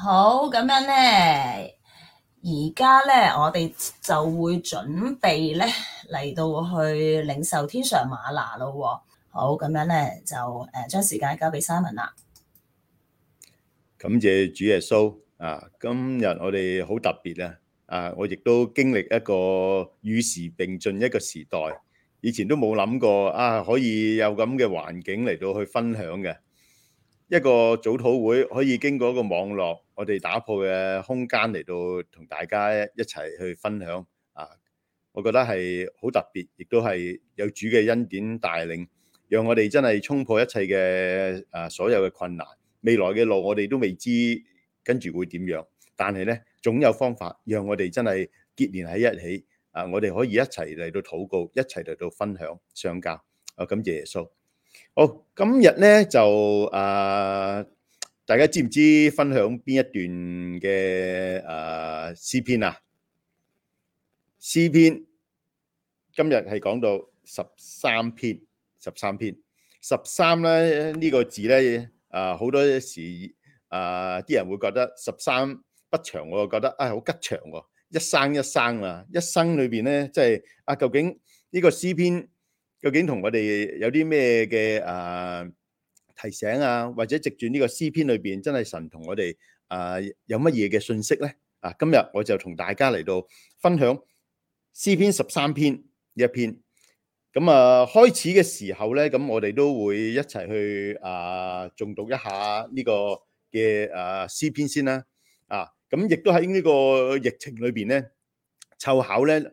好，咁樣咧，而家咧，我哋就會準備咧，嚟到去領受天上嗎哪咯。好，咁樣咧就誒，將時間交俾 Simon 啦。感謝主耶穌啊！今日我哋好特別啊！啊，我亦都經歷一個與時並進一個時代，以前都冇諗過啊，可以有咁嘅環境嚟到去分享嘅。一個早禱會可以經過一個網絡，我哋打破嘅空間嚟到同大家一齊去分享啊！我覺得係好特別，亦都係有主嘅恩典帶領，讓我哋真係衝破一切嘅所有嘅困難。未來嘅路我哋都未知，跟住會點樣？但係咧，總有方法讓我哋真係結連喺一起啊！我哋可以一齊嚟到禱告，一齊嚟到分享相交，啊！感謝耶穌。好，今日咧就啊，大家知唔知分享邊一段嘅啊詩篇啊？詩篇今日係講到十三篇，十三篇，十三咧呢個字咧啊，好多時啊啲人會覺得十三不長，我又覺得啊好吉祥，一生一生啦，一生裏邊咧即係啊，究竟呢個詩篇？究竟同我哋有啲咩嘅啊提醒啊，或者藉住呢個詩篇裏邊，真係神同我哋啊有乜嘢嘅信息咧？啊，今日我就同大家嚟到分享詩篇十三篇呢一篇。咁啊，開始嘅時候咧，咁我哋都會一齊去啊誦讀一下呢個嘅啊詩篇先啦。啊，咁亦都喺呢個疫情裏邊咧，湊巧咧。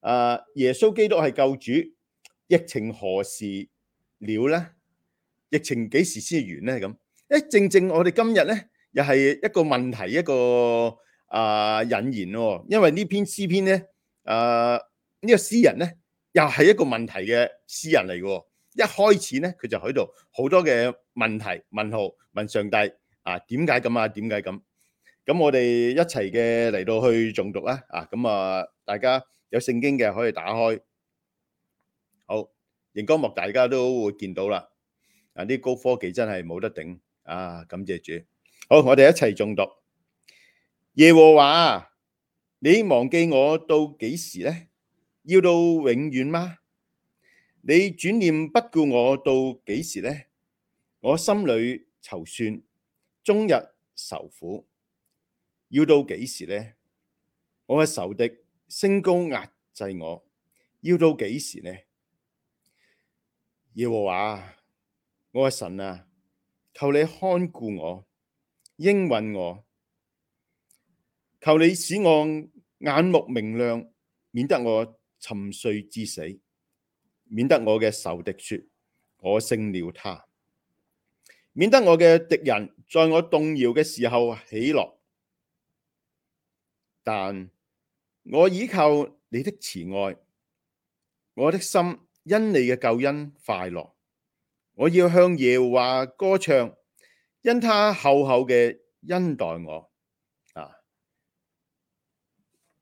啊！耶穌基督係救主，疫情何時了咧？疫情幾時先完咧？咁，誒，正正我哋今日咧，又係一個問題一個啊引言咯、哦，因為篇詩篇呢篇詩篇咧，誒、啊這個、呢個詩人咧，又係一個問題嘅詩人嚟嘅、哦。一開始咧，佢就喺度好多嘅問題問號問上帝啊，點解咁啊？點解咁？咁我哋一齊嘅嚟到去誦讀啦，啊咁啊，大家。有聖經嘅可以打開，好熒光幕，大家都會見到啦。啊，啲高科技真係冇得頂啊！感謝主，好，我哋一齊誦讀：耶和華，你忘記我到幾時呢？要到永遠嗎？你轉念不顧我到幾時呢？我心裏籌算，終日愁苦，要到幾時呢？我的仇敵升高壓制我，要到幾時呢？耶和華，我嘅神啊！求你看顧我，應允我，求你使我眼目明亮，免得我沉睡至死，免得我嘅仇敵說我勝了他，免得我嘅敵人在我動搖嘅時候起落，但，我倚靠你的慈愛，我的心因你嘅救恩快樂。我要向耶和華歌唱，因他厚厚嘅恩待我。啊，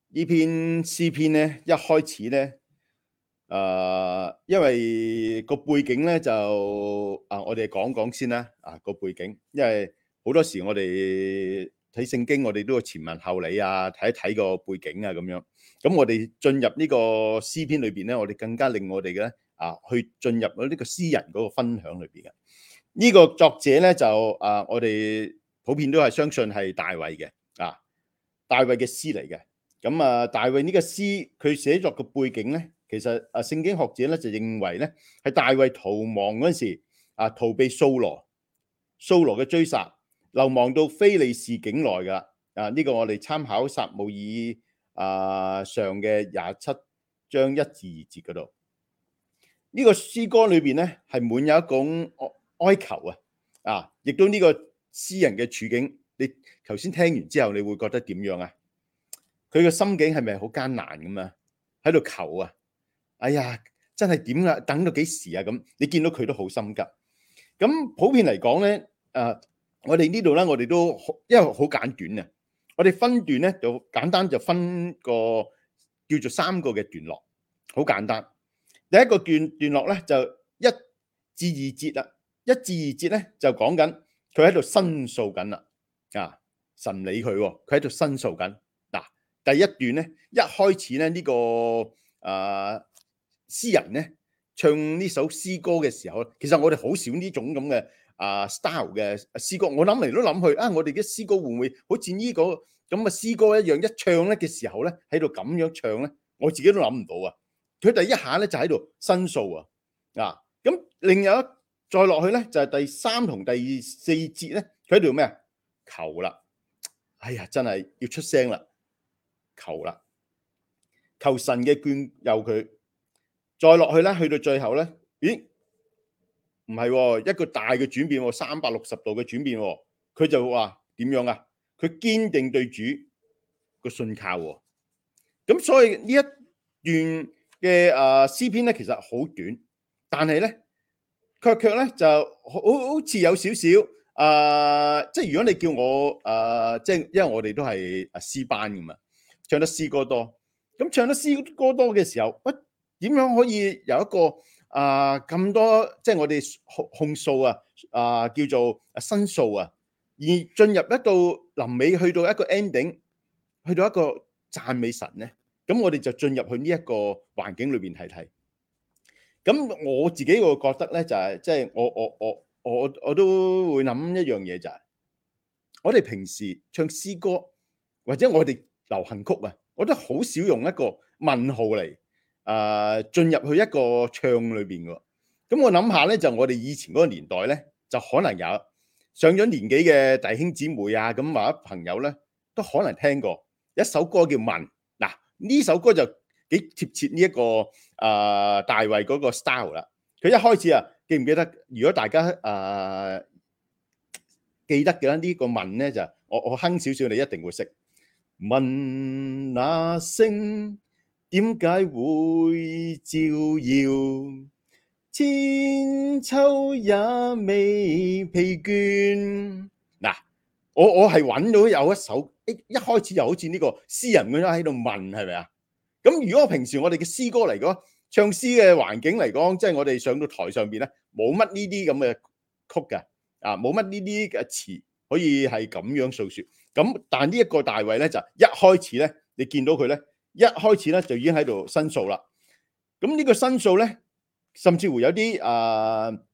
呢篇詩篇咧，一開始咧，誒，因為個背景咧就啊，我哋講講先啦。啊，個背景，因為好多時我哋。睇聖經，我哋都要前文後理啊，睇一睇個背景啊，咁樣。咁我哋進入呢個詩篇裏邊咧，我哋更加令我哋咧啊，去進入咗呢個詩人嗰個分享裏邊嘅。呢個作者咧就啊，我哋普遍都係相信係大衛嘅啊，大衛嘅詩嚟嘅。咁啊，大衛呢個詩佢寫作嘅背景咧，其實啊，聖經學者咧就認為咧係大衛逃亡嗰時候啊，逃避掃羅，掃羅嘅追殺。流亡到非利士境內噶啊，呢個我哋參考撒母耳啊上嘅廿七章一字二節嗰度。呢、這個詩歌裏邊咧係滿有一種哀求啊。啊，亦都呢個詩人嘅處境，你頭先聽完之後你會覺得點樣啊？佢個心境係咪好艱難咁啊？喺度求啊，哎呀，真係點啊？等到幾時啊？咁你見到佢都好心急。咁普遍嚟講咧，誒、呃。我哋呢度咧，我哋都因為好簡短啊！我哋分段咧就簡單，就分個叫做三個嘅段落，好簡單。第一個段段落咧就一至二節啦。一至二節咧就講緊佢喺度申訴緊啦。啊，神理佢，佢喺度申訴緊。嗱，第一段咧一開始咧呢個誒詩人咧唱呢首詩歌嘅時候，其實我哋好少呢種咁嘅。啊，style 嘅詩歌，我諗嚟都諗去啊！我哋嘅詩歌會唔會好似呢個咁嘅詩歌一樣，一唱咧嘅時候咧，喺度咁樣唱咧，我自己都諗唔到啊！佢第一下咧就喺度申訴啊，嗱，咁另有一再落去咧，就係第三同第四節咧，佢喺度咩啊？求啦！哎呀，真係要出聲啦！求啦！求神嘅眷佑佢。再落去咧，去到最後咧，咦？唔係，一個大嘅轉變，三百六十度嘅轉變，佢就話點樣啊？佢堅定對主個信靠，咁所以呢一段嘅誒詩篇咧，其實好短，但係咧，卻卻咧就好好似有少少誒，即係如果你叫我誒、呃，即係因為我哋都係誒詩班咁嘛，唱得詩歌多，咁唱得詩歌多嘅時候，喂，點樣可以有一個？啊咁多即係我哋控控訴啊啊叫做申訴啊，而進入一到臨尾去到一個 ending，去到一個讚美神咧，咁我哋就進入去呢一個環境裏邊睇睇。咁我自己個覺得咧就係即係我我我我我都會諗一樣嘢就係，我哋平時唱詩歌或者我哋流行曲啊，我都好少用一個問號嚟。啊、uh,，進入去一個唱裏邊嘅，咁我諗下咧，就我哋以前嗰個年代咧，就可能有上咗年紀嘅弟兄姊妹啊，咁或者朋友咧，都可能聽過一首歌叫《問》。嗱，呢首歌就幾貼切呢、這、一個啊、呃、大衛嗰個 style 啦。佢一開始啊，記唔記得？如果大家啊、呃、記得嘅咧，呢個問咧就我我哼少少，你一定會識問那聲。點解會照耀？千秋也未疲倦。嗱，我我係搵到有一首一一開始就好似呢個詩人咁樣喺度問係咪啊？咁如果平時我哋嘅詩歌嚟講，唱詩嘅環境嚟講，即係我哋上到台上邊咧，冇乜呢啲咁嘅曲嘅啊，冇乜呢啲嘅詞可以係咁樣訴說。咁但呢一個大衛咧，就一開始咧，你見到佢咧。一開始咧就已經喺度申訴啦，咁呢個申訴咧，甚至乎有啲誒、呃、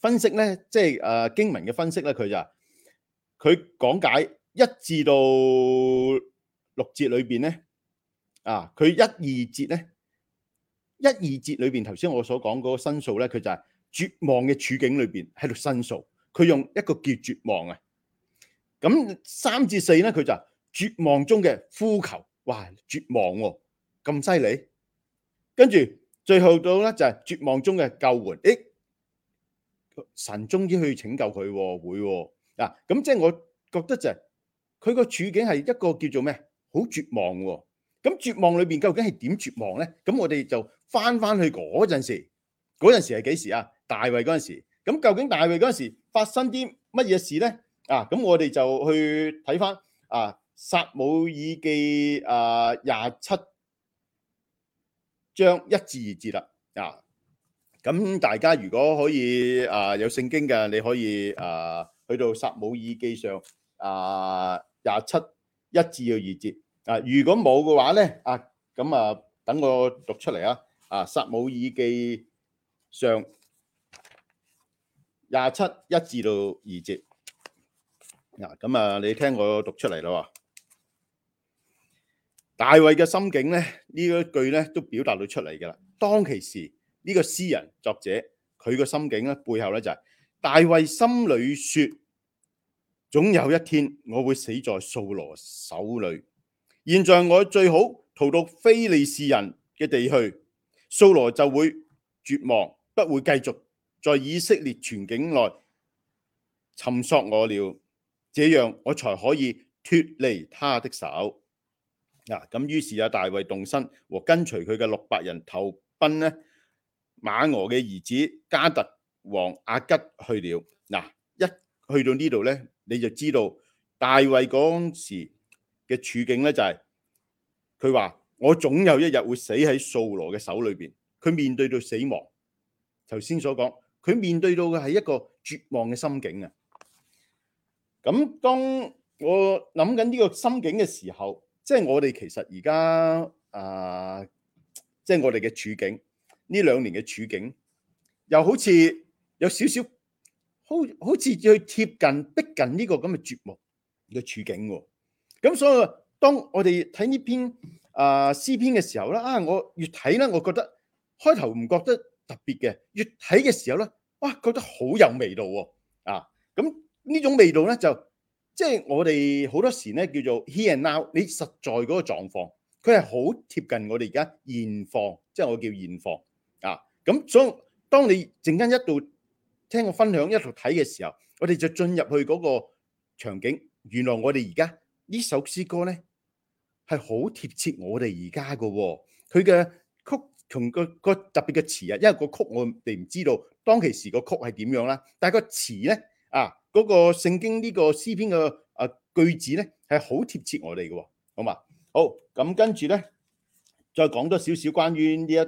分析咧，即係誒經文嘅分析咧，佢就係、是、佢講解一至到六節裏邊咧，啊，佢一二節咧，一二節裏邊頭先我所講嗰個申訴咧，佢就係絕望嘅處境裏邊喺度申訴，佢用一個叫絕望啊，咁三至四咧佢就係絕望中嘅呼求。哇！絕望喎、哦，咁犀利，跟住最後到咧就係絕望中嘅救援。咦、哎，神終於去拯救佢、哦、會嗱、哦，咁即係我覺得就係佢個處境係一個叫做咩，好絕望、哦。咁絕望裏邊究竟係點絕望咧？咁我哋就翻翻去嗰陣時，嗰陣時係幾時啊？大衛嗰陣時，咁究竟大衛嗰陣時發生啲乜嘢事咧？啊，咁我哋就去睇翻啊。撒母耳記啊廿七章一至二節啦，啊咁大家如果可以啊有聖經嘅，你可以啊去到撒母耳記上啊廿七一至到二節啊，如果冇嘅話咧，啊咁啊等我讀出嚟啊，啊撒母耳記上廿七一至到二節，嗱、啊，咁啊你聽我讀出嚟啦喎。大衛嘅心境咧，呢一句咧都表達到出嚟㗎啦。當其時，呢、這個詩人作者佢個心境咧，背後咧就係、是、大衛心裏說：總有一天我會死在掃羅手裏。現在我最好逃到非利士人嘅地去，掃羅就會絕望，不會繼續在以色列全境內尋索我了。這樣我才可以脱離他的手。嗱，咁於是阿大衛動身，和跟隨佢嘅六百人投奔呢馬俄嘅兒子加特王阿吉去了。嗱，一去到這裡呢度咧，你就知道大衛嗰時嘅處境咧就係、是，佢話我總有一日會死喺掃羅嘅手裏邊。佢面對到死亡，頭先所講，佢面對到嘅係一個絕望嘅心境啊。咁當我諗緊呢個心境嘅時候，即、就、係、是、我哋其實而家啊，即、呃、係、就是、我哋嘅處境呢兩年嘅處境，又好似有少少好好似去貼近逼近呢、這個咁嘅絕望嘅處境、哦。咁所以當我哋睇呢篇啊、呃、詩篇嘅時候咧，啊我越睇咧，我覺得開頭唔覺得特別嘅，越睇嘅時候咧，哇、啊、覺得好有味道、哦、啊！咁呢種味道咧就。即係我哋好多時咧叫做 here and now 你實在嗰個狀況，佢係好貼近我哋而家現況，即係我叫現況啊。咁所以當你陣間一度聽我分享，一度睇嘅時候，我哋就進入去嗰個場景。原來我哋而家呢首詩歌咧係好貼切我哋而家嘅喎。佢嘅曲同、嗰個個特別嘅詞啊，因為個曲我哋唔知道當其時個曲係點樣啦，但係個詞咧啊。嗰個聖經呢個詩篇嘅啊句子咧係好貼切我哋嘅，好嘛？好，咁跟住咧，再講多少少關於、啊、呢一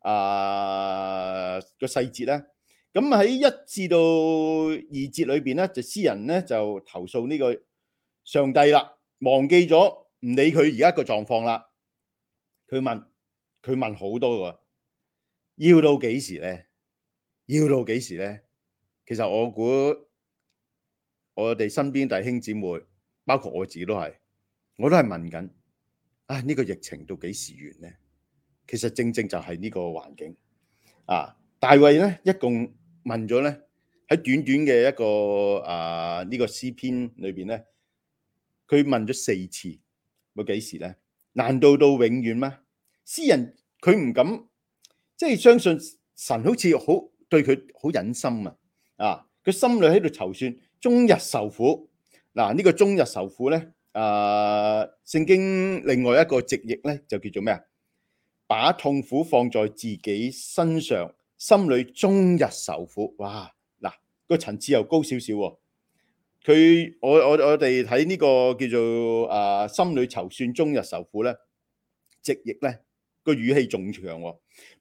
啊個細節咧。咁喺一至到二節裏邊咧，就詩人咧就投訴呢個上帝啦，忘記咗唔理佢而家個狀況啦。佢問，佢問好多個，要到幾時咧？要到幾時咧？其實我估。我哋身邊弟兄姊妹，包括我自己都係，我都係問緊，啊呢個疫情到幾時完咧？其實正正就係呢個環境啊！大衛咧一共問咗咧，喺短短嘅一個啊呢個詩篇裏邊咧，佢問咗四次，會幾時咧？難道到永遠咩？詩人佢唔敢，即係相信神好似好對佢好忍心啊！啊，佢心裏喺度籌算。終日愁苦，嗱、這個、呢個終日愁苦咧，誒、呃，聖經另外一個直譯咧就叫做咩啊？把痛苦放在自己身上，心裏終日愁苦。哇，嗱、這個層次又高少少喎。佢我我我哋睇呢個叫做誒、呃，心裏籌算終日愁苦咧，直譯咧，這個語氣仲長，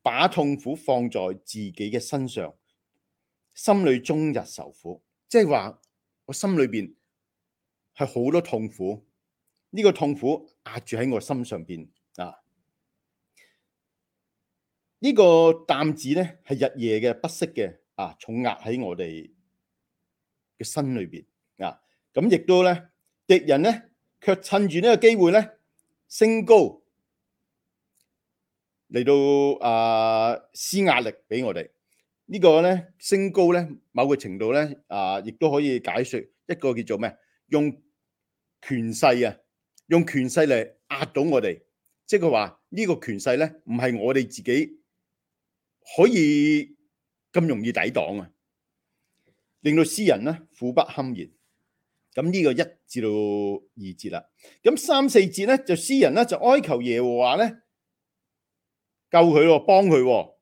把痛苦放在自己嘅身上，心裏終日愁苦，即係話。我心裏邊係好多痛苦，呢、呢個痛苦壓住喺我心上邊啊！呢個、擔子呢個擔子咧係日夜嘅不息嘅啊，重壓喺我哋嘅心裏邊啊！咁亦都咧敵人咧，卻趁住呢個機會咧升高嚟到啊施壓力俾我哋。這個、呢個咧升高咧，某個程度咧啊，亦都可以解說一個叫做咩，用權勢啊，用權勢嚟壓倒我哋，即係佢話呢個權勢咧，唔係我哋自己可以咁容易抵擋啊，令到詩人咧苦不堪言。咁呢個一至到二節啦，咁三四節咧就詩人咧就哀求耶和華咧救佢喎，幫佢喎。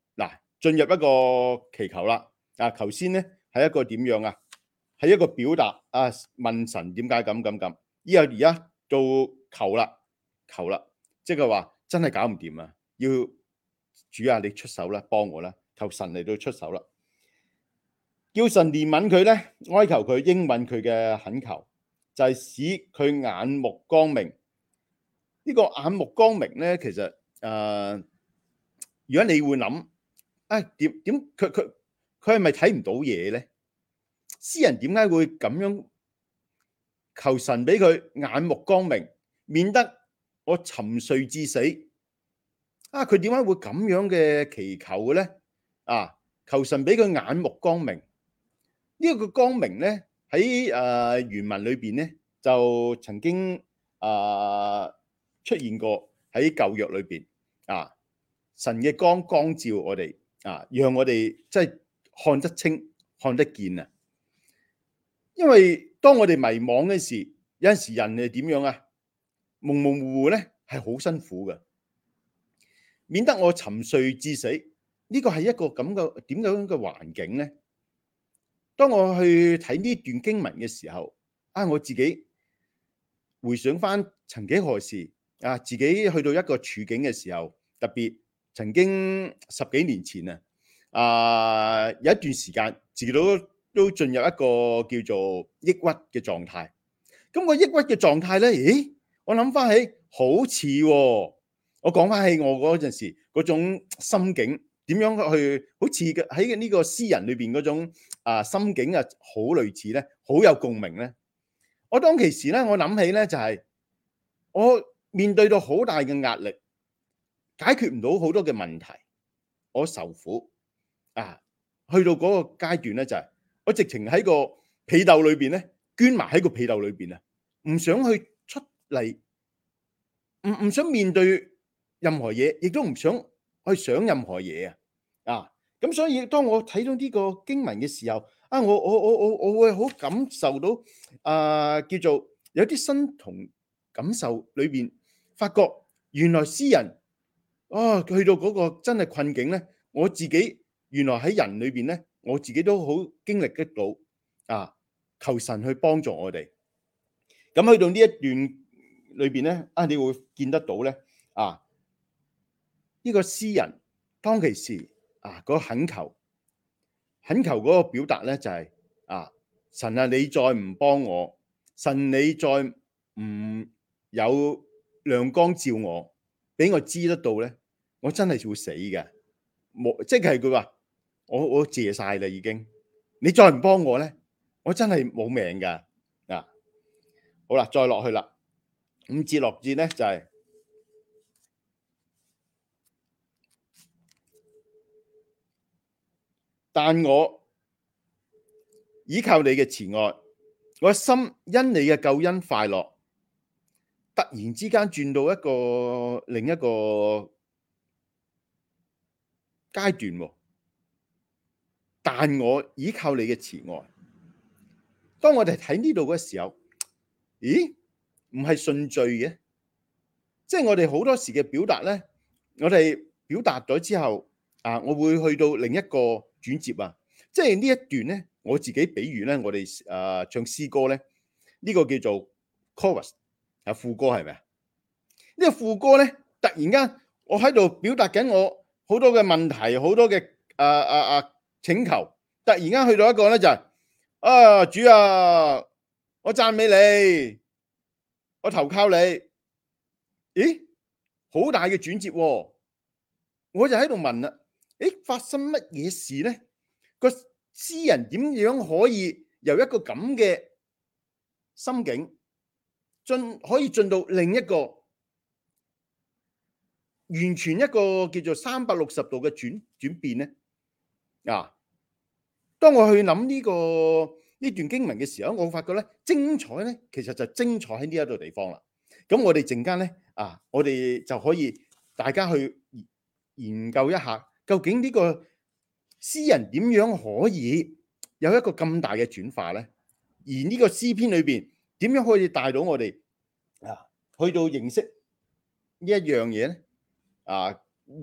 進入一個祈求啦，啊，頭先咧係一個點樣啊？係一個表達啊，問神點解咁咁咁。依家而家到求啦，求啦，即係話真係搞唔掂啊！要主啊，你出手啦，幫我啦，求神嚟到出手啦，叫神憐憫佢咧，哀求佢應允佢嘅懇求，就係、是、使佢眼目光明。呢、這個眼目光明咧，其實誒、呃，如果你會諗。啊點點佢佢佢係咪睇唔到嘢咧？詩人點解會咁樣求神俾佢眼目光明，免得我沉睡至死？啊，佢點解會咁樣嘅祈求嘅咧？啊，求神俾佢眼目光明。呢、這、一個光明咧，喺誒、呃、原文裏邊咧就曾經誒、呃、出現過喺舊約裏邊啊，神嘅光光照我哋。啊！讓我哋即係看得清、看得見啊！因為當我哋迷惘嘅時，有陣時人係點樣啊？矇矇糊糊咧，係好辛苦嘅，免得我沉睡至死。呢個係一個咁嘅點樣嘅環境咧。當我去睇呢段經文嘅時候，啊我自己回想翻曾幾何時啊，自己去到一個處境嘅時候，特別。曾經十幾年前啊，啊、呃、有一段時間自己都都進入一個叫做抑鬱嘅狀態。咁個抑鬱嘅狀態咧，咦？我諗翻起好似、哦、我講翻起我嗰陣時嗰種心境，點樣去好似嘅喺呢個詩人裏邊嗰種啊、呃、心境啊，好類似咧，好有共鳴咧。我當其時咧，我諗起咧就係、是、我面對到好大嘅壓力。解決唔到好多嘅問題，我受苦啊！去到嗰個階段咧，就係、是、我直情喺個被竇裏邊咧，捐埋喺個被竇裏邊啊，唔想去出嚟，唔唔想面對任何嘢，亦都唔想去想任何嘢啊！啊！咁所以當我睇到呢個經文嘅時候，啊，我我我我我會好感受到啊，叫做有啲身同感受裏邊，發覺原來詩人。哦，去到嗰個真係困境咧，我自己原來喺人裏邊咧，我自己都好經歷得到啊！求神去幫助我哋，咁去到呢一段裏邊咧，啊你會見得到咧啊！呢、這個詩人當其時啊，嗰、那個、懇求懇求嗰個表達咧就係、是、啊，神啊，你再唔幫我，神你再唔有亮光照我，俾我知得到咧。我真係會死噶冇，即係佢話我我，借晒啦已經，你再唔幫我咧，我真係冇命噶嗱、啊。好啦，再落去啦。五至六節咧就係、是，但我依靠你嘅慈愛，我心因你嘅救恩快樂，突然之間轉到一個另一個階段，但我倚靠你嘅慈愛。當我哋睇呢度嘅時候，咦？唔係順序嘅，即係我哋好多時嘅表達咧。我哋表達咗之後啊，我會去到另一個轉折啊。即係呢一段咧，我自己比如咧，我哋誒、呃、唱詩歌咧，呢、呢個叫做 chorus 係副歌係咪啊？呢、呢個副歌咧，突然間我喺度表達緊我。好多嘅問題，好多嘅、誒、呃呃、請求，突然間去到一個咧就係、是、啊主啊，我讚美你，我投靠你。咦，好大嘅轉折、啊，我就喺度問啦。誒，發生乜嘢事咧？個詩人點樣可以由一個咁嘅心境進，可以進到另一個？完全一個叫做三百六十度嘅，轉轉變咧，啊！當我去諗呢個呢段經文嘅時候，我發覺咧，精彩咧，其實就精彩喺呢一度地方啦。咁我哋陣間咧啊，我哋就可以大家去研究一下，究竟呢個詩人點樣可以有一個咁大嘅轉化咧？而呢個詩篇裏邊點樣可以帶到我哋啊去到認識呢一樣嘢咧？啊！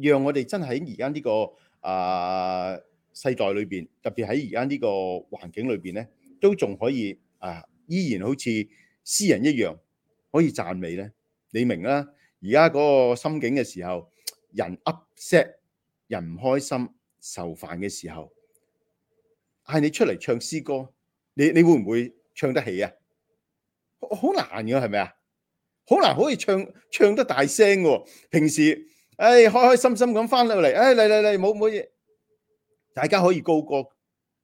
讓我哋真係喺而家呢個啊世代裏邊，特別喺而家呢個環境裏邊咧，都仲可以啊，依然好似詩人一樣可以讚美咧。你明啦，而家嗰個心境嘅時候，人 upset，人唔開心、受煩嘅時候，嗌你出嚟唱詩歌，你你會唔會唱得起啊？好，好難嘅，係咪啊？好難可以唱唱得大聲嘅，平時。誒、哎，開開心心咁翻到嚟，誒嚟嚟嚟，冇冇嘢，大家可以高歌。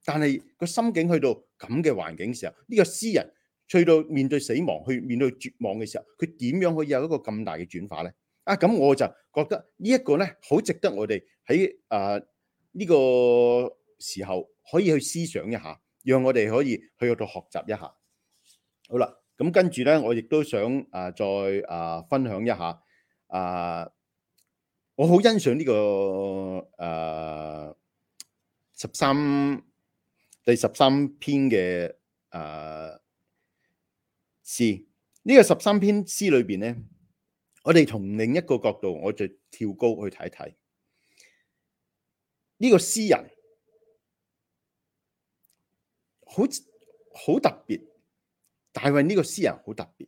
但係個心境去到咁嘅環境時候，呢、這個詩人去到面對死亡，去面對絕望嘅時候，佢點樣可以有一個咁大嘅轉化咧？啊，咁我就覺得呢一個咧，好值得我哋喺誒呢個時候可以去思想一下，讓我哋可以去度學習一下。好啦，咁跟住咧，我亦都想誒、呃、再誒、呃、分享一下誒。呃我好欣賞呢、這個誒、呃、十三第十三篇嘅誒、呃、詩，呢、這個十三篇詩裏邊咧，我哋從另一個角度，我再跳高去睇睇呢個詩人，好好特別，大衛呢個詩人好特別，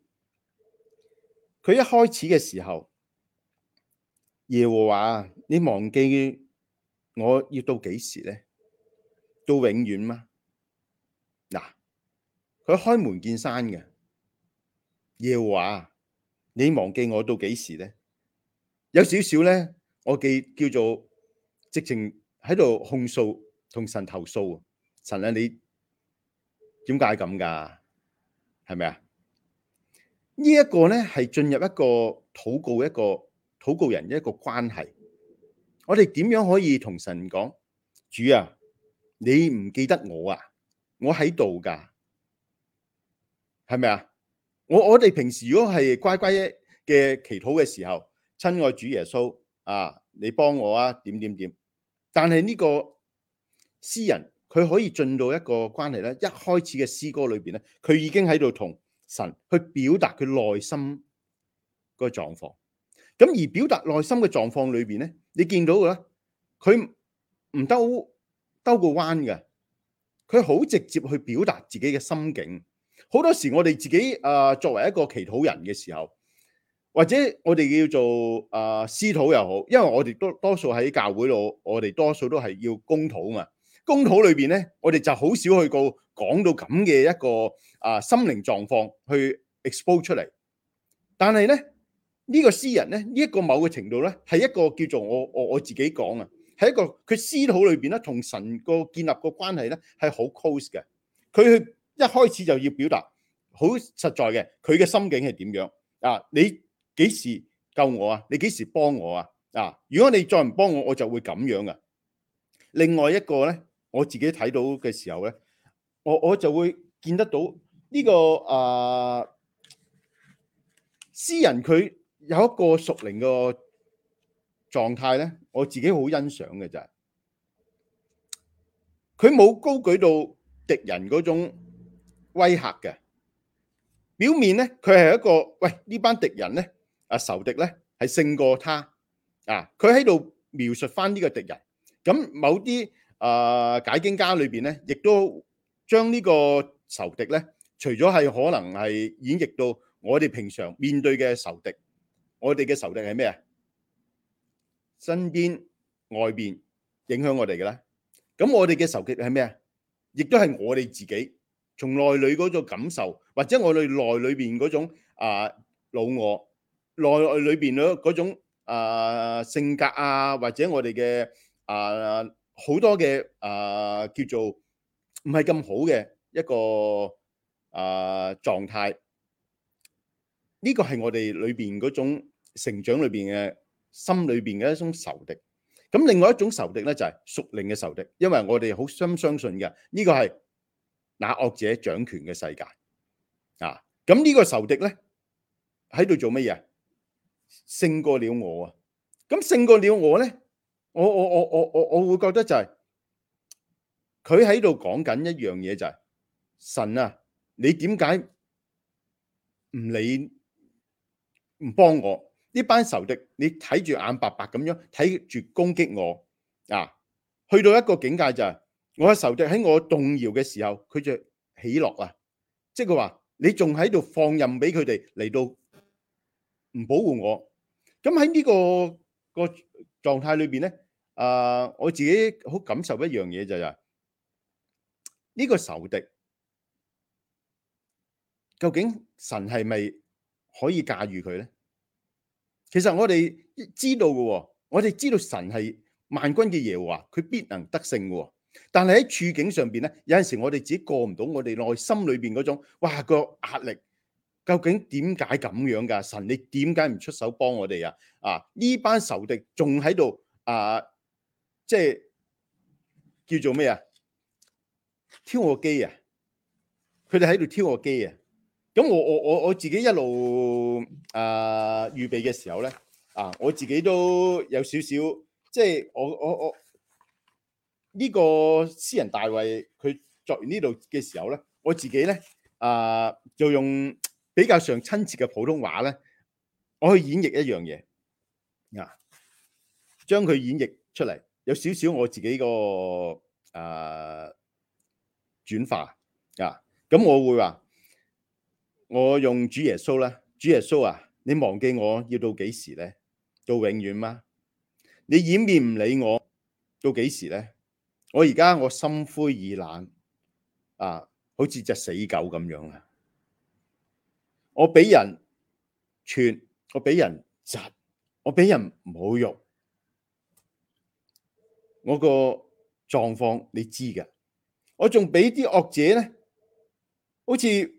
佢一開始嘅時候。耶和華你忘記我要到幾時咧？到永遠嗎？嗱，佢開門見山嘅，耶和華你忘記我到幾時咧？有少少咧，我記叫做直情喺度控訴同神投訴啊！神啊，你點解咁噶？係咪啊？是這個、呢一個咧係進入一個禱告一個。禱告人一個關係，我哋點樣可以同神講？主啊，你唔記得我啊？我喺度噶，係咪啊？我我哋平時如果係乖乖嘅祈禱嘅時候，親愛主耶穌啊，你幫我啊，點點點。但係呢個詩人，佢可以進到一個關係咧。一開始嘅詩歌裏邊咧，佢已經喺度同神去表達佢內心嗰個狀況。咁而表達內心嘅狀況裏邊咧，你見到嘅咧，佢唔兜兜個彎嘅，佢好直接去表達自己嘅心境。好多時我哋自己作為一個祈禱人嘅時候，或者我哋叫做啊私禱又好，因為我哋多多數喺教會度，我哋多數都係要公禱啊嘛。公禱裏邊咧，我哋就好少去告講到咁嘅一個啊、呃、心靈狀況去 expose 出嚟，但係咧。這個、詩人呢個詩人咧，呢、這、一個某個程度咧，係一個叫做我我我自己講啊，係一個佢思考裏面咧，同神個建立個關係咧，係好 close 嘅。佢去一開始就要表達好實在嘅，佢嘅心境係點樣啊？你幾時救我啊？你幾時幫我啊？啊！如果你再唔幫我，我就會咁樣噶。另外一個咧，我自己睇到嘅時候咧，我我就會見得到呢、這個啊詩人佢。有一個屬靈嘅狀態咧，我自己好欣賞嘅。咋佢冇高舉到敵人嗰種威嚇嘅表面咧，佢係一個喂呢班敵人咧，啊仇敵咧係勝過他啊。佢喺度描述翻呢個敵人咁，某啲誒解經家裏邊咧，亦都將呢個仇敵咧，除咗係可能係演繹到我哋平常面對嘅仇敵。我哋嘅仇敵係咩啊？身邊、外邊影響我哋嘅咧。咁我哋嘅仇敵係咩啊？亦都係我哋自己，從內裏嗰種感受，或者我哋內裏邊嗰種啊老我，內裏邊嗰嗰種啊性格啊，或者我哋嘅啊好多嘅啊叫做唔係咁好嘅一個啊狀態。呢個係我哋裏邊嗰種成長裏邊嘅心裏邊嘅一種仇敵，咁另外一種仇敵咧就係屬靈嘅仇敵，因為我哋好深相信嘅呢個係那惡者掌權嘅世界啊！咁呢個仇敵咧喺度做乜嘢？勝過了我啊！咁勝過了我咧，我我我我我我會覺得就係佢喺度講緊一樣嘢就係神啊！你點解唔理？唔幫我呢班仇敵，你睇住眼白白咁樣睇住攻擊我啊！去到一個境界就係，我嘅仇敵喺我動搖嘅時候，佢就喜樂啊！即係佢話你仲喺度放任俾佢哋嚟到唔保護我，咁喺呢個個狀態裏邊咧，啊，我自己好感受一樣嘢就係，呢個仇敵究竟神係咪可以駕馭佢咧？其實我哋知道嘅，我哋知道神係萬軍嘅耶和華，佢必能得勝嘅。但係喺處境上邊咧，有陣時我哋自己過唔到，我哋內心裏邊嗰種哇個壓力，究竟點解咁樣噶？神你點解唔出手幫我哋啊？啊，呢班仇敵仲喺度啊，即係叫做咩啊？挑我機啊！佢哋喺度挑我機啊！咁我我我我自己一路誒預備嘅時候咧，啊，我自己都有少少，即係我我我呢個私人大衞佢作完呢度嘅時候咧，我自己咧啊，就用比較上親切嘅普通話咧，我去演繹一樣嘢，啊，將佢演繹出嚟，有少少我自己個誒轉化啊，咁我會話。我用主耶穌啦，主耶穌啊，你忘記我要到幾時咧？到永遠嗎？你掩面唔理我到幾時咧？我而家我心灰意冷啊，好似隻死狗咁樣啊！我俾人串，我俾人窒，我俾人唔好喐。我個狀況你知噶。我仲俾啲惡者咧，好似～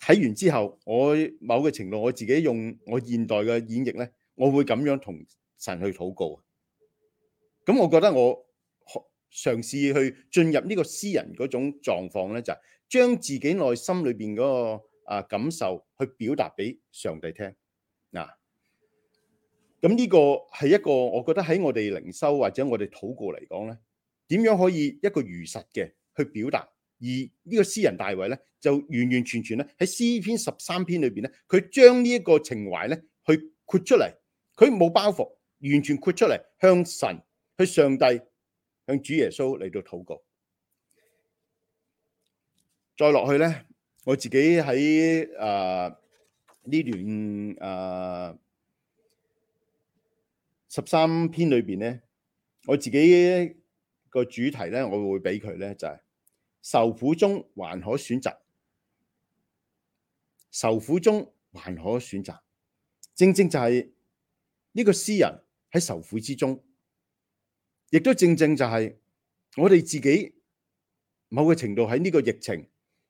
睇完之後，我某個程度我自己用我現代嘅演繹咧，我會咁樣同神去禱告。咁我覺得我嘗試去進入呢個私人嗰種狀況咧，就係將自己內心裏邊嗰個啊感受去表達俾上帝聽嗱。咁呢個係一個我覺得喺我哋靈修或者我哋禱告嚟講咧，點樣可以一個如實嘅去表達？而呢個詩人大衛咧，就完完全全咧喺詩篇十三篇裏邊咧，佢將呢一個情懷咧，去豁出嚟，佢冇包袱，完全豁出嚟向神、去上帝、向主耶穌嚟到禱告。再落去咧，我自己喺誒呢段誒十三篇裏邊咧，我自己個主題咧，我會俾佢咧就係、是。愁苦中還可選擇，愁苦中還可選擇，正正就係呢個詩人喺愁苦之中，亦都正正就係我哋自己某個程度喺呢個疫情，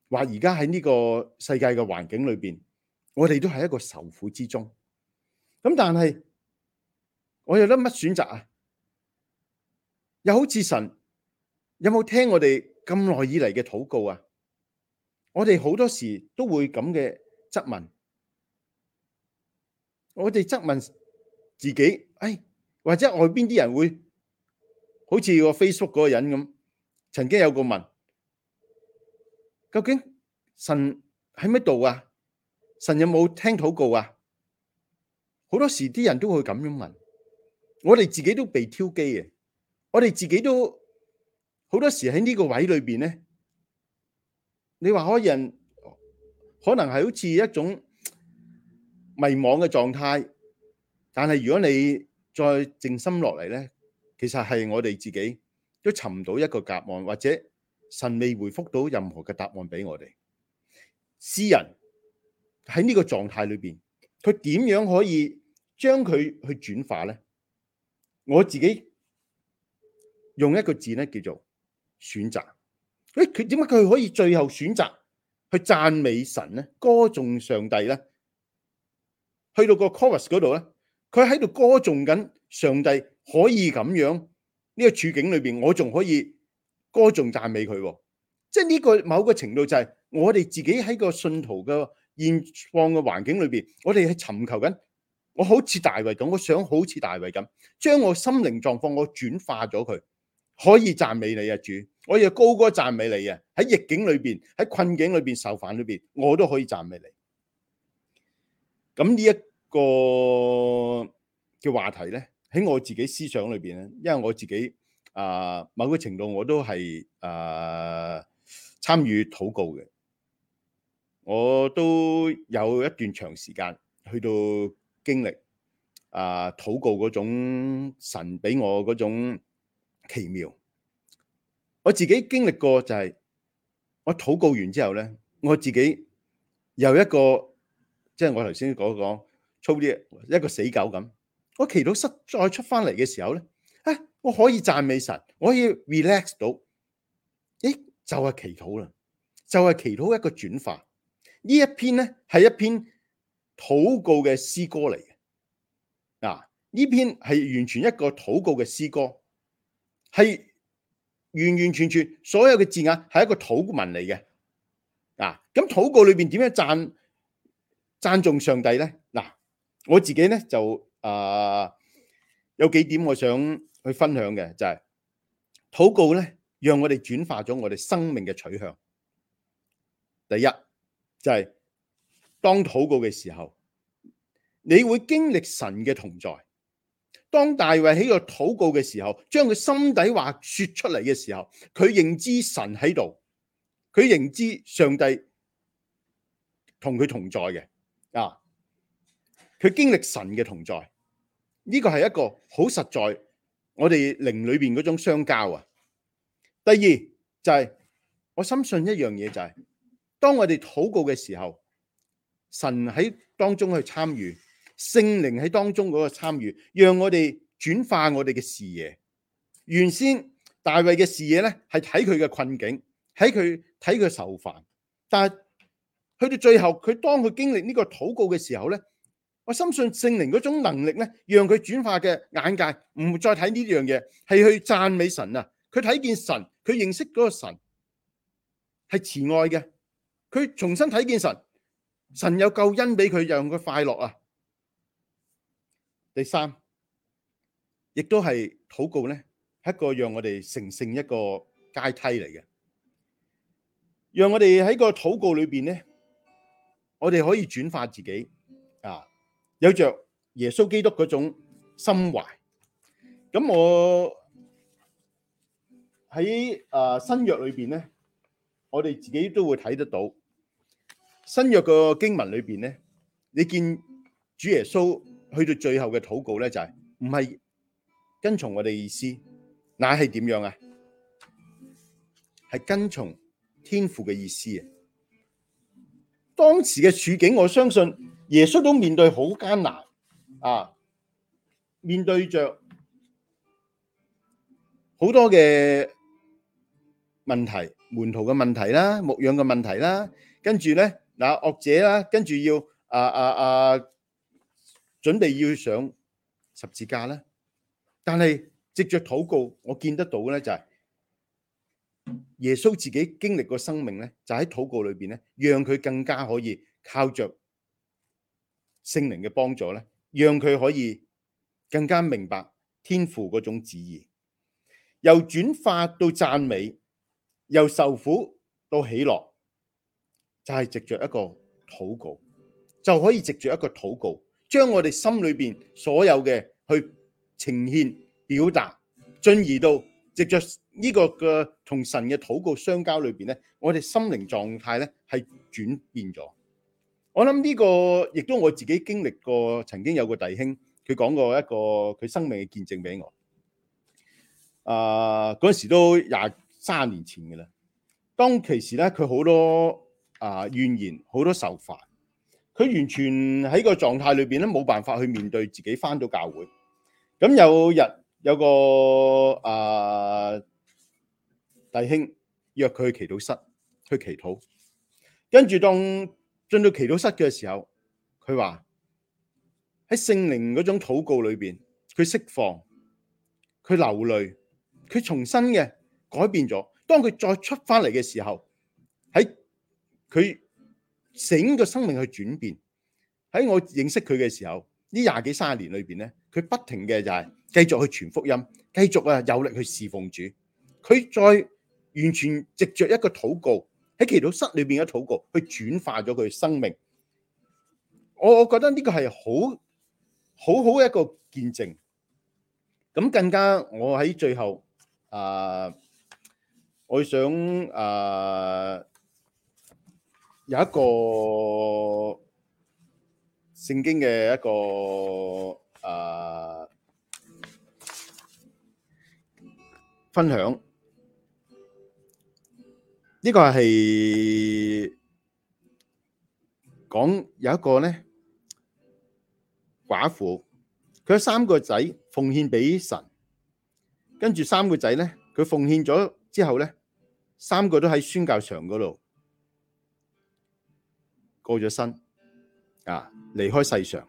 或而家喺呢個世界嘅環境裏邊，我哋都係一個愁苦之中。咁但係我有得乜選擇啊？又好似神有冇聽我哋？咁耐以嚟嘅禱告啊，我哋好多時都會咁嘅質問，我哋質問自己，哎，或者外邊啲人會好似個 Facebook 嗰個人咁，曾經有個問，究竟神喺咩度啊？神有冇聽禱告啊？好多時啲人都會咁樣問，我哋自己都被挑機嘅，我哋自己都。好多時喺呢個位裏邊咧，你話可人可能係好似一種迷惘嘅狀態，但係如果你再靜心落嚟咧，其實係我哋自己都尋唔到一個答案，或者神未回復到任何嘅答案俾我哋。詩人喺呢個狀態裏邊，佢點樣可以將佢去轉化咧？我自己用一個字咧，叫做。選擇，誒佢點解佢可以最後選擇去讚美神咧？歌頌上帝咧？去到個 chorus 嗰度咧，佢喺度歌頌緊上帝，可以咁樣呢個處境裏邊，我仲可以歌頌讚美佢，即係呢個某個程度就係我哋自己喺個信徒嘅現況嘅環境裏邊，我哋係尋求緊，我好似大衛咁，我想好似大衛咁，將我心靈狀況我轉化咗佢。可以讚美你啊，主！我要高歌讚美你啊！喺逆境裏面、喺困境裏面、受難裏面，我都可以讚美你。咁呢一個嘅話題咧，喺我自己思想裏面，咧，因為我自己啊、呃，某個程度我都係啊參與禱告嘅，我都有一段長時間去到經歷啊、呃、禱告嗰種神俾我嗰種。奇妙，我自己經歷過就係、是、我禱告完之後咧，我自己有一個即係我頭先講講粗啲，一個死狗咁。我祈禱室再出翻嚟嘅時候咧，啊、哎，我可以讚美神，我可以 relax 到，誒，就係、是、祈禱啦，就係、是、祈禱一個轉化。呢一篇咧係一篇禱告嘅詩歌嚟嘅，嗱，呢篇係完全一個禱告嘅詩歌。係完完全全，所有嘅字眼係一個禱告文嚟嘅。嗱、啊，咁禱告裏邊點樣讚讚頌上帝咧？嗱、啊，我自己咧就誒、呃、有幾點我想去分享嘅，就係、是、禱告咧，讓我哋轉化咗我哋生命嘅取向。第一就係、是、當禱告嘅時候，你會經歷神嘅同在。當大衛喺度禱告嘅時候，將佢心底話說出嚟嘅時候，佢認知神喺度，佢認知上帝同佢同在嘅啊！佢經歷神嘅同在，呢個係一個好實在我哋靈裏邊嗰種相交啊！第二就係我深信一樣嘢就係，當我哋禱告嘅時候，神喺當中去參與。聖靈喺當中嗰個參與，讓我哋轉化我哋嘅視野。原先大衛嘅視野咧，係睇佢嘅困境，喺佢睇佢受煩。但係去到最後，佢當佢經歷呢個禱告嘅時候咧，我深信聖靈嗰種能力咧，讓佢轉化嘅眼界，唔再睇呢樣嘢，係去讚美神啊！佢睇見神，佢認識嗰個神係慈愛嘅，佢重新睇見神，神有救恩俾佢，讓佢快樂啊！第三，亦都係禱告咧，係一個讓我哋成聖一個階梯嚟嘅，讓我哋喺個禱告裏邊咧，我哋可以轉化自己啊，有着耶穌基督嗰種心懷。咁我喺誒新約裏邊咧，我哋自己都會睇得到新約嘅經文裏邊咧，你見主耶穌。去到最後嘅禱告咧，就係唔係跟從我哋意思，乃係點樣啊？係跟從天父嘅意思啊！當時嘅處境，我相信耶穌都面對好艱難啊！面對着好多嘅問題，門徒嘅問題啦，牧養嘅問題啦，跟住咧嗱，惡者啦，跟住要啊啊啊！準備要上十字架咧，但係藉着禱告，我見得到咧就係耶穌自己經歷過生命咧，就喺、是、禱告裏邊咧，讓佢更加可以靠着聖靈嘅幫助咧，讓佢可以更加明白天父嗰種旨意，由轉化到讚美，由受苦到喜樂，就係、是、藉着一個禱告就可以藉着一個禱告。將我哋心裏邊所有嘅去呈現、表達，進而到藉着呢個嘅同神嘅禱告相交裏邊咧，我哋心靈狀態咧係轉變咗。我諗呢、呢個亦都我自己經歷過，曾經有個弟兄，佢講過一個佢生命嘅見證俾我。啊、呃，嗰時都廿三年前嘅啦。當其時咧，佢好多啊、呃、怨言，好多愁煩。佢完全喺個狀態裏邊咧，冇辦法去面對自己翻到教會。咁有日有個啊、呃、弟兄約佢去祈禱室去祈禱，跟住當進到祈禱室嘅時候，佢話喺聖靈嗰種禱告裏邊，佢釋放，佢流淚，佢重新嘅改變咗。當佢再出翻嚟嘅時候，喺佢。整個生命去轉變，喺我認識佢嘅時候，呢廿幾三十年裏邊咧，佢不停嘅就係繼續去傳福音，繼續啊有力去侍奉主。佢再完全藉着一個禱告喺祈禱室裏邊嘅禱告，去轉化咗佢生命。我我覺得呢個係好好好一個見證。咁更加我喺最後啊、呃，我想啊。呃有一個聖經嘅一個呃分享，呢個係講有一個呢寡婦，佢有三個仔奉獻畀神，跟住三個仔呢，佢奉獻咗之後呢，三個都喺宣教場嗰度。.過咗身啊，離開世上。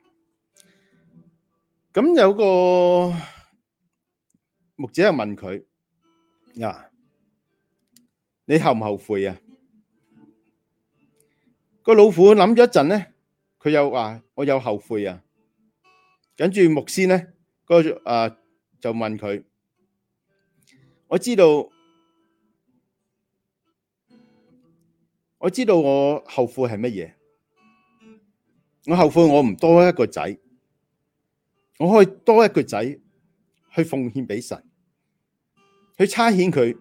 咁有個牧者就問佢：呀，你後唔後悔啊？個老虎諗咗一陣咧，佢又話：我有後悔啊。跟住牧師咧，個誒就問佢：我知道，我知道我後悔係乜嘢？我後悔，我唔多一個仔，我可以多一個仔去奉獻俾神，去差遣佢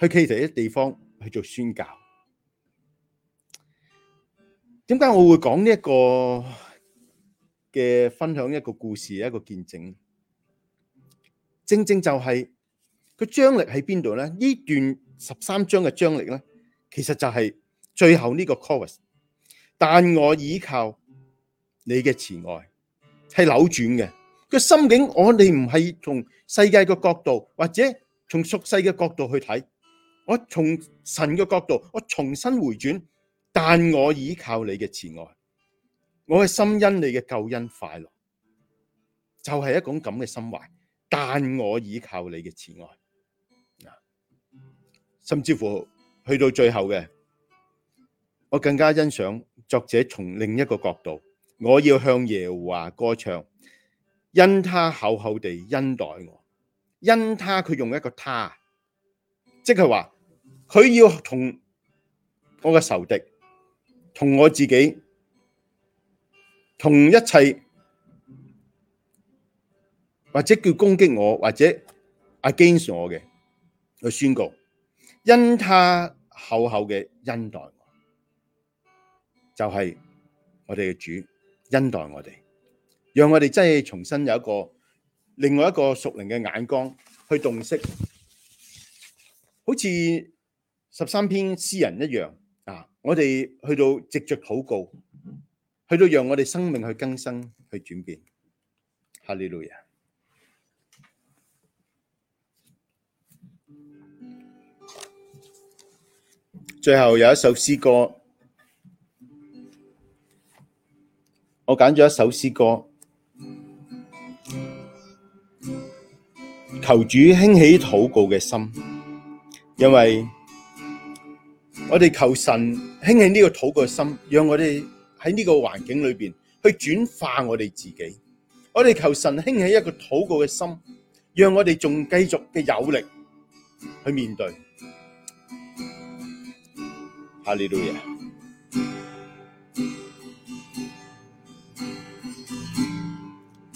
去其他地方去做宣教。點解我會講呢一個嘅分享一個故事一個見證？正正就係佢張力喺邊度呢？呢段十三章嘅張力其實就係最後呢個 chorus 但我倚靠。你嘅慈愛係扭轉嘅，個心境，我哋唔係從世界嘅角度，或者從俗世嘅角度去睇，我從神嘅角度，我重新回轉，但我倚靠你嘅慈愛，我嘅心因你嘅救恩快樂，就係、是、一種咁嘅心懷。但我倚靠你嘅慈愛，甚至乎去到最後嘅，我更加欣賞作者從另一個角度。我要向耶和華歌唱，因他厚厚地恩待我，因他佢用一個他，即係話佢要同我嘅仇敵，同我自己，同一切或者叫攻擊我或者 against 我嘅去宣告，因他厚厚嘅恩待我，就係我哋嘅主。恩待我哋，讓我哋真係重新有一個另外一個屬靈嘅眼光去洞悉，好似十三篇詩人一樣啊！我哋去到藉着禱告，去到讓我哋生命去更新、去轉變。哈利路亞！最後有一首詩歌。我揀咗一首詩歌，求主興起禱告嘅心。因為我哋求神興起呢個禱告嘅心，讓我哋喺呢個環境裏邊去轉化我哋自己。我哋求神興起一個禱告嘅心，讓我哋仲繼續嘅有力去面對。哈利路亞。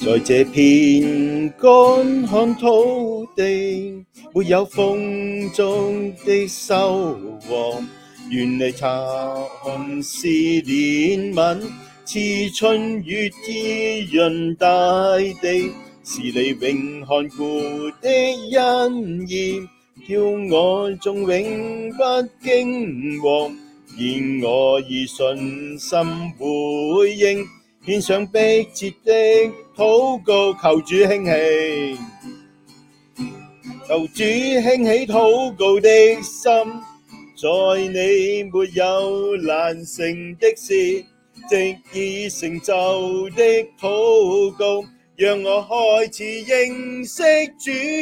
在這片乾，乾旱土地，沒有風中的收穫。願你長是憐憫，似春雨滋潤大地，是你永看顧的恩義，叫我種永不驚惶，願我以信心回應。獻上迫切的禱告，求主興起，求主興起禱告的心，在你沒有難成的事，即已成就的禱告，讓我開始認識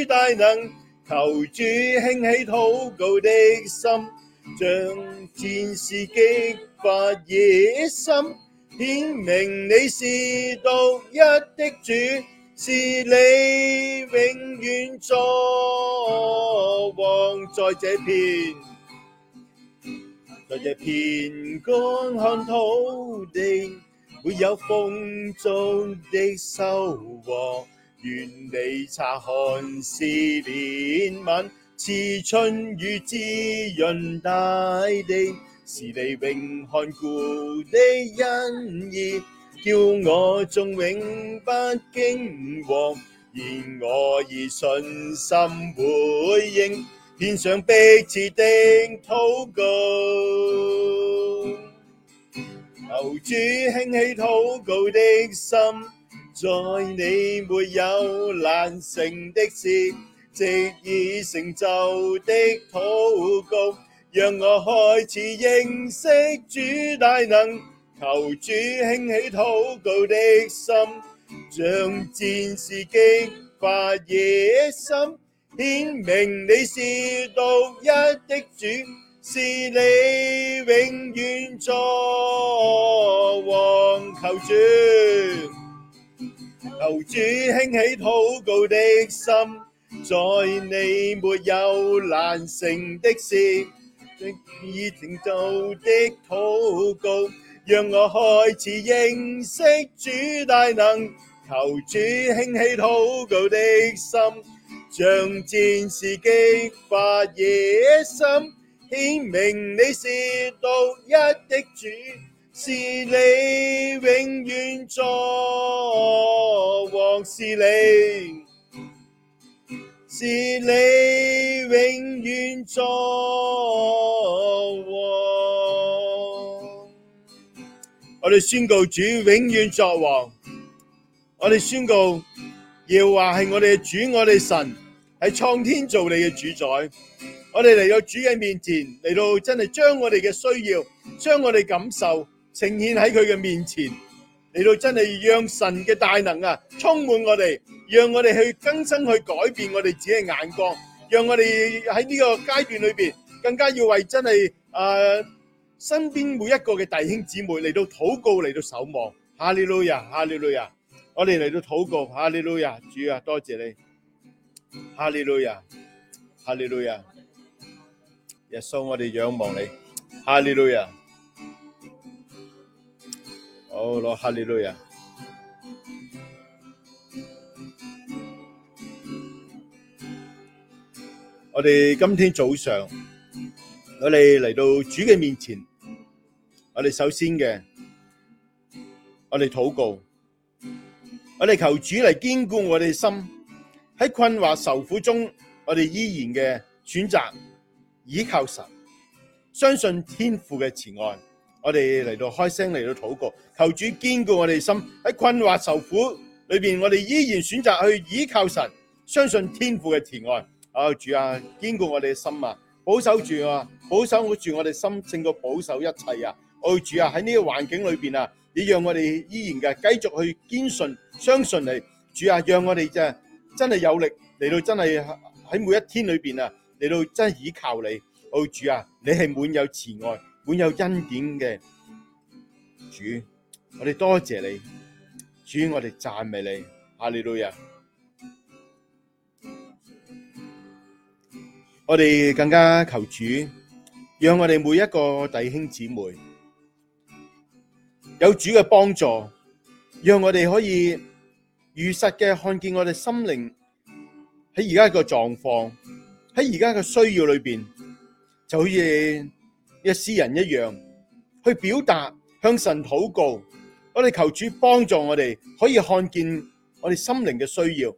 主大能，求主興起禱告的心，像戰士激發野心。顯明你是獨一的主，是你永遠作王，在這片，在這片乾旱土地，沒有豐足的收穫。願你察看是憐憫，賜春雨滋潤大地。是你永看顧的恩義，叫我縱永不驚惶，願我以信心回應，獻上迫切的禱告。求主興起禱告的心，在你沒有難成的事，藉已成就的禱告。讓我開始認識主大能，求主興起禱告的心，像戰士激發野心，顯明你是獨一的主，是你永遠作王。求主，求主興起禱告的心，在你沒有難成的事。已經做的禱告，讓我開始認識主大能，求主興起禱告的心，像戰士激發野心，顯明你是獨一的主，是你永遠作王令，是你是你永遠作王，我哋宣告主永遠作王。我哋宣告，耶和華係我哋嘅主，我哋神係創天造你嘅主宰。我哋嚟到主嘅面前，嚟到真係將我哋嘅需要，將我哋感受呈現喺佢嘅面前，嚟到真係讓神嘅大能啊，充滿我哋。讓我哋去更新、去改變我哋自己嘅眼光，讓我哋喺呢個階段裏面，更加要為真係誒身邊每一個嘅弟兄姊妹嚟到禱告、嚟到守望。哈利路亞，哈利路亞！我哋嚟到禱告，哈利路亞，主啊，多謝你！哈利路亞，哈利路亞！耶穌，我哋仰望你，哈利路亞！哦，羅哈利路亞！我哋今天早上，我哋嚟到主嘅面前，我哋首先嘅，我哋禱告，我哋求主嚟堅固我哋心，喺困惑愁苦中，我哋依然嘅選擇倚靠神，相信天父嘅慈愛。我哋嚟到開聲嚟到禱告，求主堅固我哋心，喺困惑愁苦裏邊，我哋依然選擇去倚靠神，相信天父嘅慈愛。愛主啊，堅固我哋嘅心啊，保守住啊，保守住我哋心，勝過保守一切啊！愛主啊，喺呢個環境裏邊啊，你讓我哋依然嘅繼續去堅信、相信你，主啊，讓我哋就真係有力嚟到，真係喺每一天裏邊啊，嚟到真係倚靠你，愛主啊，你係滿有慈愛、滿有恩典嘅主，我哋多謝你，主，我哋讚美你，阿利路亞。我哋更加求主，讓我哋每一個弟兄姊妹有主嘅幫助，讓我哋可以如實嘅看見我哋心靈喺而家嘅狀況，喺而家嘅需要裏邊，就好似一詩人一樣去表達向神禱告。我哋求主幫助我哋可以看見我哋心靈嘅需要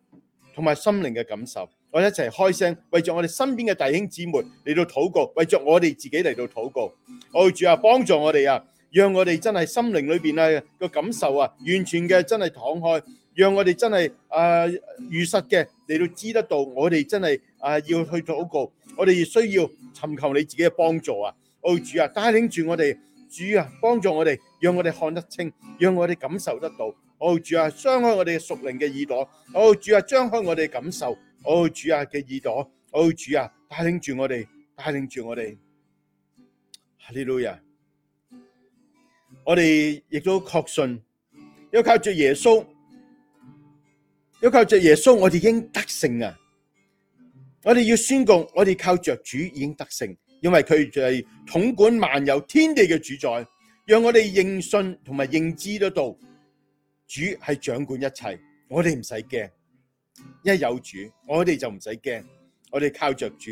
同埋心靈嘅感受。我哋一齊開聲，為着我哋身邊嘅弟兄姊妹嚟到禱告，為着我哋自己嚟到禱告。哦，主啊，幫助我哋啊，讓我哋真係心靈裏邊啊個感受啊，完全嘅真係敞開，讓我哋真係啊如實嘅嚟到知得到。我哋真係啊要去禱告，我哋亦需要尋求你自己嘅幫助啊。哦，主啊，帶領住我哋，主啊，幫助我哋，讓我哋看得清，讓我哋感受得到。哦，主啊，張開我哋嘅屬靈嘅耳朵，哦，主啊，張開我哋嘅感受。我主啊，嘅耳朵，我主啊，帶領住我哋，帶領住我哋。阿啲老人，我哋亦都確信，要靠着耶穌，要靠着耶穌，我哋已經得勝啊！我哋要宣告，我哋靠着主已經得勝，因為佢就係統管萬有天地嘅主宰，讓我哋認信同埋認知得到主係掌管一切，我哋唔使驚。一有主，我哋就唔使驚，我哋靠着主，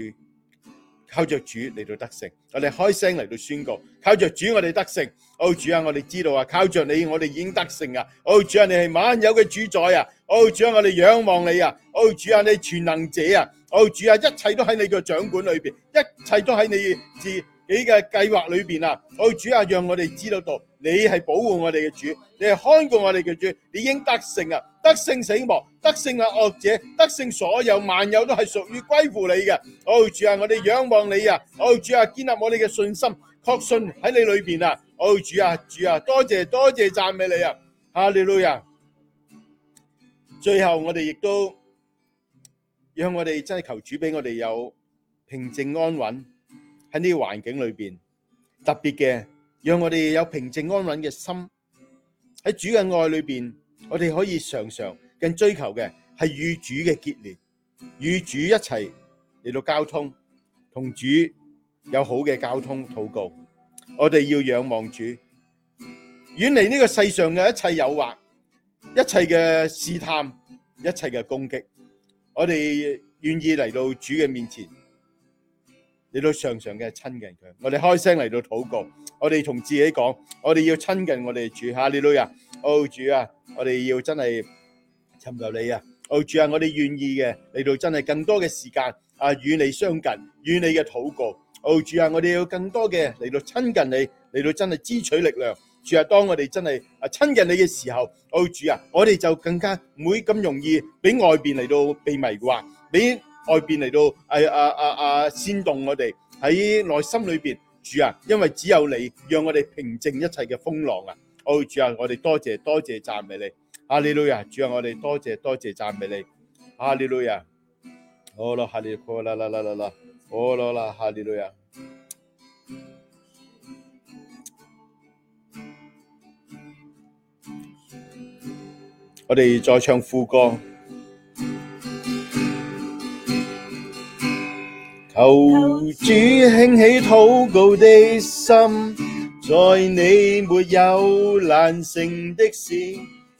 靠着主嚟到得勝，我哋開聲嚟到宣告，靠着主我哋得勝。哦主啊，我哋知道啊，靠着你我哋已經得勝啊。哦主啊，你係萬有嘅主宰啊。哦主啊，我哋仰望你啊。哦主啊，你全能者啊。哦主啊，一切都喺你嘅掌管裏面，一切都喺你之。你嘅計劃裏邊啊，我、哦、主啊，讓我哋知道到你係保護我哋嘅主，你係看顧我哋嘅主，你已得勝啊，得勝死亡，得勝啊惡者，得勝所有萬有都係屬於歸乎你嘅。好、哦、主啊，我哋仰望你啊，好、哦、主啊，建立我哋嘅信心，確信喺你裏邊啊。好、哦、主啊，主啊，多謝多謝，讚美你啊，哈利路亞，最後我哋亦都讓我哋真係求主俾我哋有平靜安穩。喺呢啲環境裏邊，特別嘅讓我哋有平靜安穩嘅心。喺主嘅愛裏邊，我哋可以常常更追求嘅係與主嘅結連，與主一齊嚟到交通，同主有好嘅交通禱告。我哋要仰望主，遠離呢個世上嘅一切誘惑、一切嘅試探、一切嘅攻擊。我哋願意嚟到主嘅面前。你都常常嘅親近佢，我哋開聲嚟到禱告，我哋同自己講，我哋要親近我哋主。哈，你女啊，奧主啊，我哋要真係尋求你啊，奧主啊，我哋願意嘅嚟到真係更多嘅時間啊，與你相近，與你嘅禱告。奧主啊，我哋要更多嘅嚟到親近你，嚟到真係支取力量。主啊，當我哋真係啊親近你嘅時候，奧主啊，我哋就更加唔會咁容易俾外邊嚟到被迷惑。你外邊嚟到，誒誒誒誒煽動我哋喺內心裏邊，主啊，因為只有你讓我哋平靜一切嘅風浪啊！哦主啊，我哋多謝多謝讚美！你！哈利路亞呀，主啊，我哋多謝多謝讚美你！哈利路亞呀，好啦，哈利路亞啦啦啦啦啦，好啦啦哈利路亞呀！我哋再唱副歌。求主興起禱告的心，在你沒有難成的事，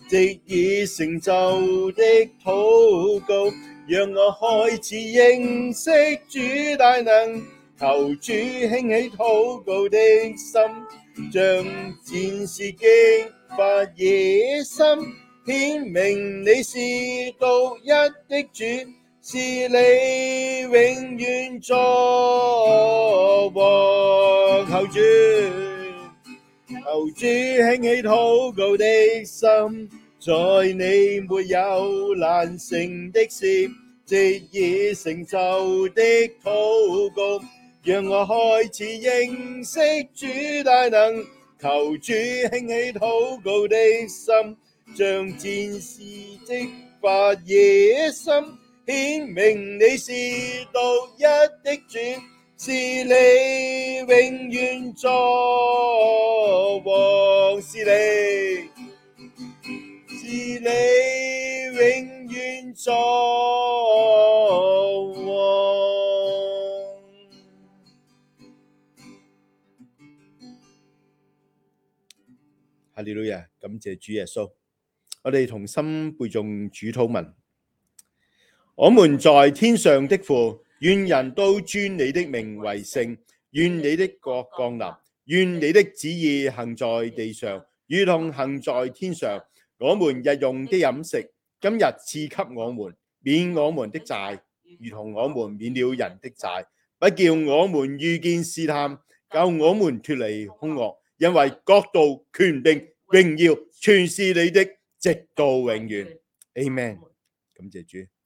即已成就的禱告，讓我開始認識主大能。求主興起禱告的心，像戰士激發野心，顯明你是獨一的主，是你。永遠作我求主，求主興起禱告的心，在你沒有難成的事，藉已成就的禱告，讓我開始認識主大能。求主興起禱告的心，像戰士激發野心。顯明你是獨一的主，是你永遠作王，是你，是你永遠作王。哈利路亞，感謝主耶穌，我哋同心背誦主禱文。我們在天上的父，願人都尊你的名為聖。願你的國降臨。願你的旨意行在地上，如同行在天上。我們日用的飲食，今日賜給我們，免我們的債，如同我們免了人的債，不叫我們遇見試探，救我們脫離凶惡。因為國度、權柄、榮耀，全是你的，直到永遠。阿門。感謝主。